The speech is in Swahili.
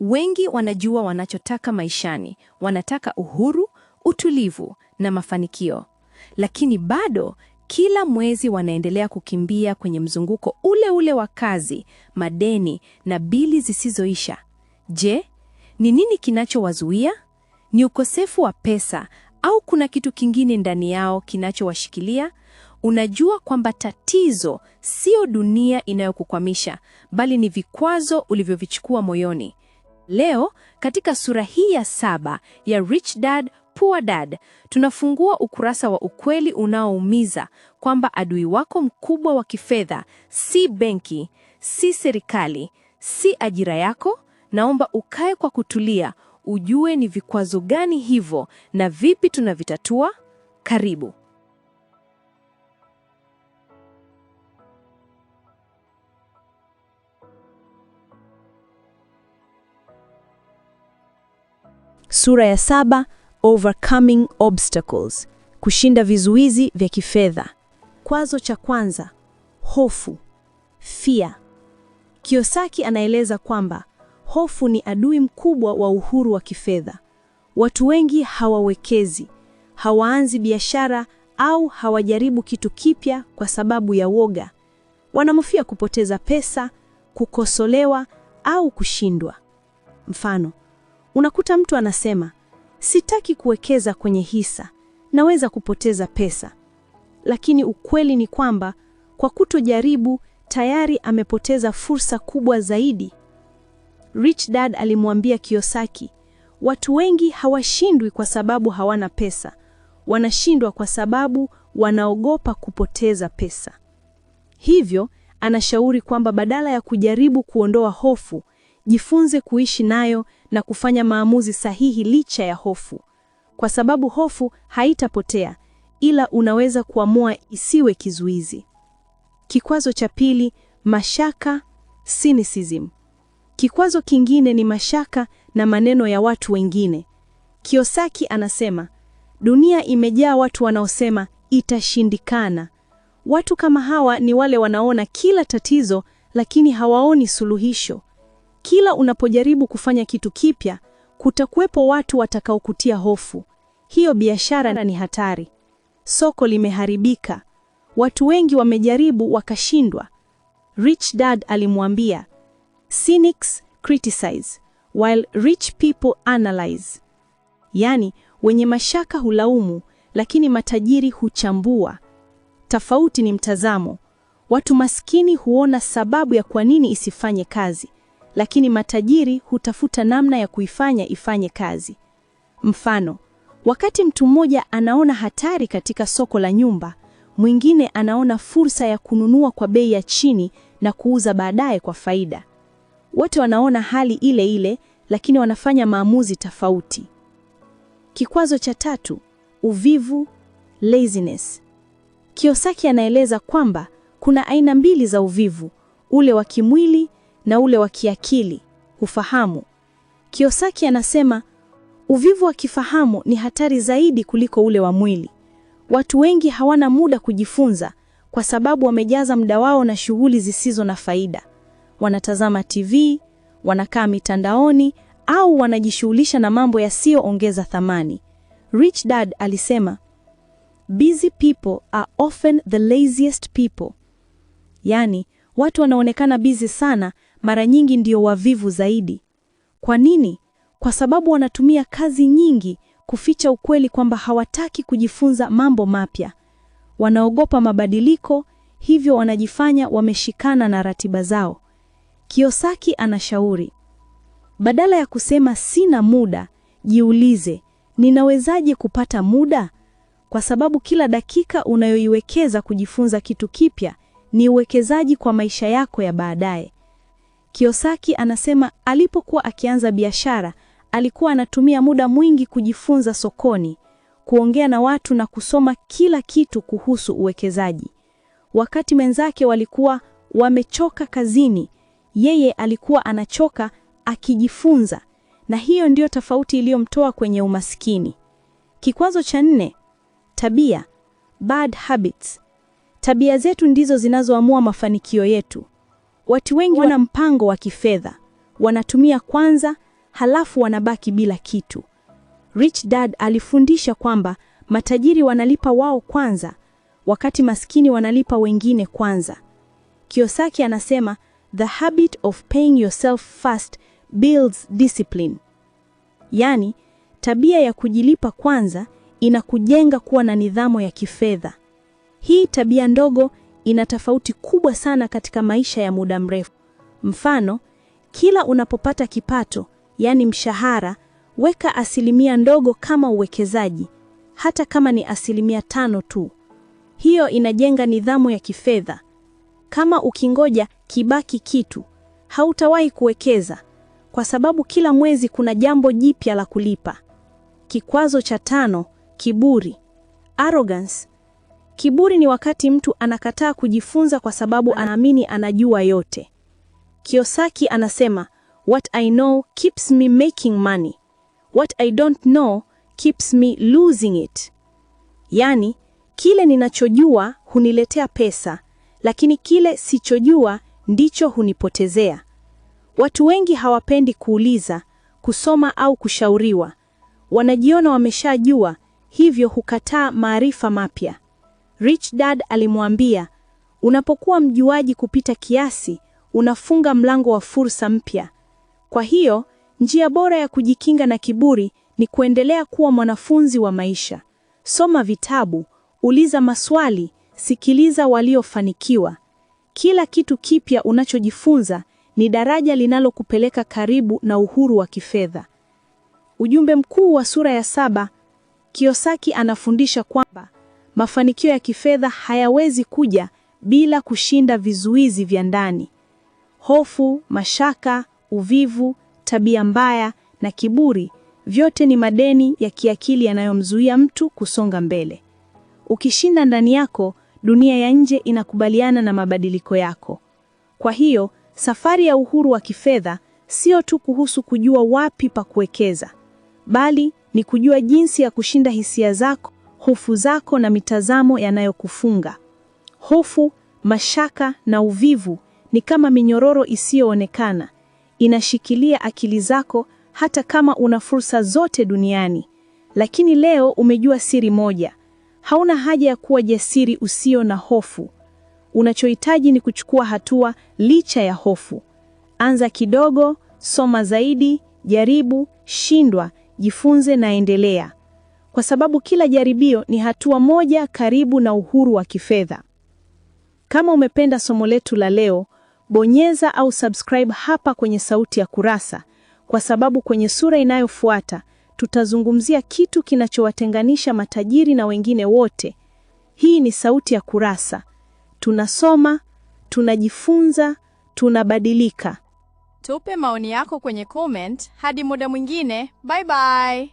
Wengi wanajua wanachotaka maishani, wanataka uhuru, utulivu na mafanikio, lakini bado kila mwezi wanaendelea kukimbia kwenye mzunguko ule ule wa kazi, madeni na bili zisizoisha. Je, ni nini kinachowazuia? Ni ukosefu wa pesa au kuna kitu kingine ndani yao kinachowashikilia? Unajua kwamba tatizo sio dunia inayokukwamisha, bali ni vikwazo ulivyovichukua moyoni. Leo katika sura hii ya saba ya Rich Dad Poor Dad tunafungua ukurasa wa ukweli unaoumiza kwamba adui wako mkubwa wa kifedha si benki, si serikali, si ajira yako. Naomba ukae kwa kutulia, ujue ni vikwazo gani hivyo na vipi tunavitatua. Karibu. Sura ya saba, Overcoming Obstacles, kushinda vizuizi vya kifedha. Kwazo cha kwanza, hofu, fear. Kiyosaki anaeleza kwamba hofu ni adui mkubwa wa uhuru wa kifedha. Watu wengi hawawekezi, hawaanzi biashara au hawajaribu kitu kipya kwa sababu ya woga. Wanamofia kupoteza pesa, kukosolewa au kushindwa. Mfano, Unakuta mtu anasema sitaki kuwekeza kwenye hisa, naweza kupoteza pesa. Lakini ukweli ni kwamba kwa kutojaribu tayari amepoteza fursa kubwa zaidi. Rich Dad alimwambia Kiyosaki, watu wengi hawashindwi kwa sababu hawana pesa, wanashindwa kwa sababu wanaogopa kupoteza pesa. Hivyo anashauri kwamba badala ya kujaribu kuondoa hofu Jifunze kuishi nayo na kufanya maamuzi sahihi licha ya hofu, kwa sababu hofu haitapotea, ila unaweza kuamua isiwe kizuizi. Kikwazo cha pili, mashaka cynicism. Kikwazo kingine ni mashaka na maneno ya watu wengine. Kiyosaki anasema dunia imejaa watu wanaosema itashindikana. Watu kama hawa ni wale wanaona kila tatizo, lakini hawaoni suluhisho. Kila unapojaribu kufanya kitu kipya, kutakuwepo watu watakaokutia hofu. Hiyo biashara ni hatari. Soko limeharibika. Watu wengi wamejaribu wakashindwa. Rich Dad alimwambia, cynics criticize while rich people analyze. Yaani, wenye mashaka hulaumu, lakini matajiri huchambua. Tofauti ni mtazamo. Watu maskini huona sababu ya kwa nini isifanye kazi, lakini matajiri hutafuta namna ya kuifanya ifanye kazi. Mfano, wakati mtu mmoja anaona hatari katika soko la nyumba, mwingine anaona fursa ya kununua kwa bei ya chini na kuuza baadaye kwa faida. Wote wanaona hali ile ile, lakini wanafanya maamuzi tofauti. Kikwazo cha tatu, uvivu, laziness. Kiyosaki anaeleza kwamba kuna aina mbili za uvivu, ule wa kimwili na ule wa kiakili, ufahamu. Kiyosaki anasema uvivu wa kifahamu ni hatari zaidi kuliko ule wa mwili. Watu wengi hawana muda kujifunza kwa sababu wamejaza muda wao na shughuli zisizo na faida. Wanatazama TV, wanakaa mitandaoni au wanajishughulisha na mambo yasiyoongeza thamani. Rich Dad alisema, busy people are often the laziest people, yaani watu wanaonekana busy sana mara nyingi ndio wavivu zaidi. Kwa nini? Kwa sababu wanatumia kazi nyingi kuficha ukweli kwamba hawataki kujifunza mambo mapya. Wanaogopa mabadiliko, hivyo wanajifanya wameshikana na ratiba zao. Kiyosaki anashauri, badala ya kusema sina muda, jiulize, ninawezaje kupata muda? Kwa sababu kila dakika unayoiwekeza kujifunza kitu kipya ni uwekezaji kwa maisha yako ya baadaye. Kiyosaki anasema alipokuwa akianza biashara, alikuwa anatumia muda mwingi kujifunza sokoni, kuongea na watu na kusoma kila kitu kuhusu uwekezaji. Wakati wenzake walikuwa wamechoka kazini, yeye alikuwa anachoka akijifunza, na hiyo ndiyo tofauti iliyomtoa kwenye umaskini. Kikwazo cha nne, tabia, bad habits. Tabia zetu ndizo zinazoamua mafanikio yetu. Watu wengi wana mpango wa kifedha, wanatumia kwanza, halafu wanabaki bila kitu. Rich Dad alifundisha kwamba matajiri wanalipa wao kwanza, wakati maskini wanalipa wengine kwanza. Kiyosaki anasema the habit of paying yourself first builds discipline, yaani tabia ya kujilipa kwanza inakujenga kuwa na nidhamu ya kifedha. Hii tabia ndogo ina tofauti kubwa sana katika maisha ya muda mrefu. Mfano, kila unapopata kipato, yaani mshahara, weka asilimia ndogo kama uwekezaji, hata kama ni asilimia tano tu. Hiyo inajenga nidhamu ya kifedha. Kama ukingoja kibaki kitu, hautawahi kuwekeza kwa sababu kila mwezi kuna jambo jipya la kulipa. Kikwazo cha tano, kiburi. Arrogance Kiburi ni wakati mtu anakataa kujifunza kwa sababu anaamini anajua yote. Kiyosaki anasema, What I know keeps me making money. What I don't know keeps me losing it. Yaani, kile ninachojua huniletea pesa, lakini kile sichojua ndicho hunipotezea. Watu wengi hawapendi kuuliza, kusoma au kushauriwa. Wanajiona wameshajua, hivyo hukataa maarifa mapya. Rich Dad alimwambia, unapokuwa mjuaji kupita kiasi, unafunga mlango wa fursa mpya. Kwa hiyo, njia bora ya kujikinga na kiburi ni kuendelea kuwa mwanafunzi wa maisha. Soma vitabu, uliza maswali, sikiliza waliofanikiwa. Kila kitu kipya unachojifunza ni daraja linalokupeleka karibu na uhuru wa kifedha. Ujumbe mkuu wa sura ya saba, Kiyosaki anafundisha kwamba Mafanikio ya kifedha hayawezi kuja bila kushinda vizuizi vya ndani: hofu, mashaka, uvivu, tabia mbaya na kiburi. Vyote ni madeni ya kiakili yanayomzuia mtu kusonga mbele. Ukishinda ndani yako, dunia ya nje inakubaliana na mabadiliko yako. Kwa hiyo, safari ya uhuru wa kifedha sio tu kuhusu kujua wapi pa kuwekeza, bali ni kujua jinsi ya kushinda hisia zako hofu zako na mitazamo yanayokufunga. Hofu, mashaka na uvivu ni kama minyororo isiyoonekana, inashikilia akili zako hata kama una fursa zote duniani. Lakini leo umejua siri moja. Hauna haja ya kuwa jasiri usio na hofu. Unachohitaji ni kuchukua hatua licha ya hofu. Anza kidogo, soma zaidi, jaribu, shindwa, jifunze na endelea kwa sababu kila jaribio ni hatua moja karibu na uhuru wa kifedha. Kama umependa somo letu la leo, bonyeza au subscribe hapa kwenye Sauti ya Kurasa, kwa sababu kwenye sura inayofuata tutazungumzia kitu kinachowatenganisha matajiri na wengine wote. Hii ni Sauti ya Kurasa. Tunasoma, tunajifunza, tunabadilika. Tupe maoni yako kwenye comment. Hadi muda mwingine, bye bye.